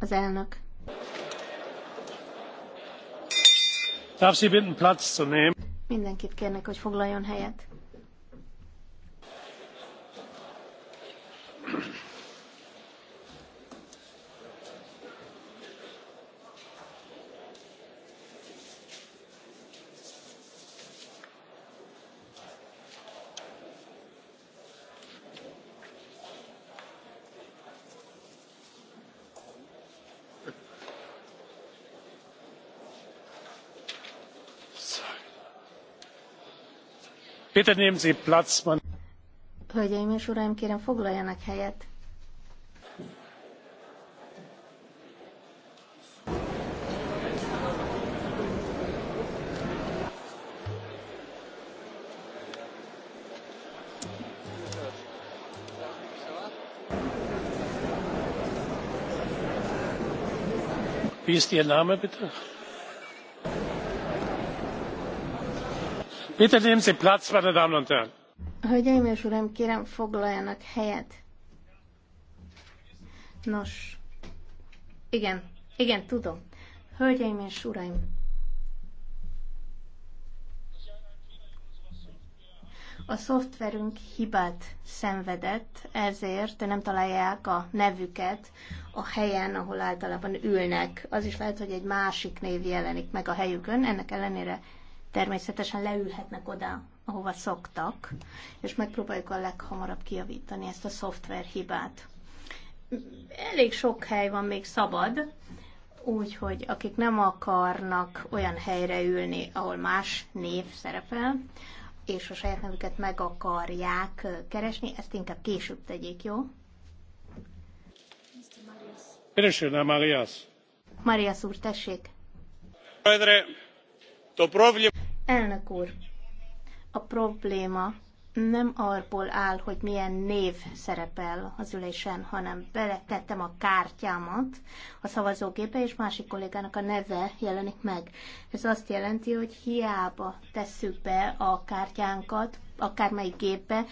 Az elnök. Darf Mindenkit kérnek, hogy foglaljon helyet. Bitte nehmen Sie Platz, Hölgyeim és uraim, kérem foglaljanak helyet. Wie ist Ihr Name bitte? Hölgyeim és Uraim, kérem foglaljanak helyet. Nos, igen, igen, tudom. Hölgyeim és Uraim, a szoftverünk hibát szenvedett, ezért nem találják a nevüket a helyen, ahol általában ülnek. Az is lehet, hogy egy másik név jelenik meg a helyükön, ennek ellenére természetesen leülhetnek oda, ahova szoktak, és megpróbáljuk a leghamarabb kiavítani ezt a szoftver hibát. Elég sok hely van még szabad, úgyhogy akik nem akarnak olyan helyre ülni, ahol más név szerepel, és a saját nevüket meg akarják keresni, ezt inkább később tegyék, jó? Keresőne, Marias. Marias úr, tessék. Pedre, to problem... Elnök úr, a probléma nem arból áll, hogy milyen név szerepel az ülésen, hanem beletettem a kártyámat a szavazógépe, és másik kollégának a neve jelenik meg. Ez azt jelenti, hogy hiába tesszük be a kártyánkat, akármelyik gépbe,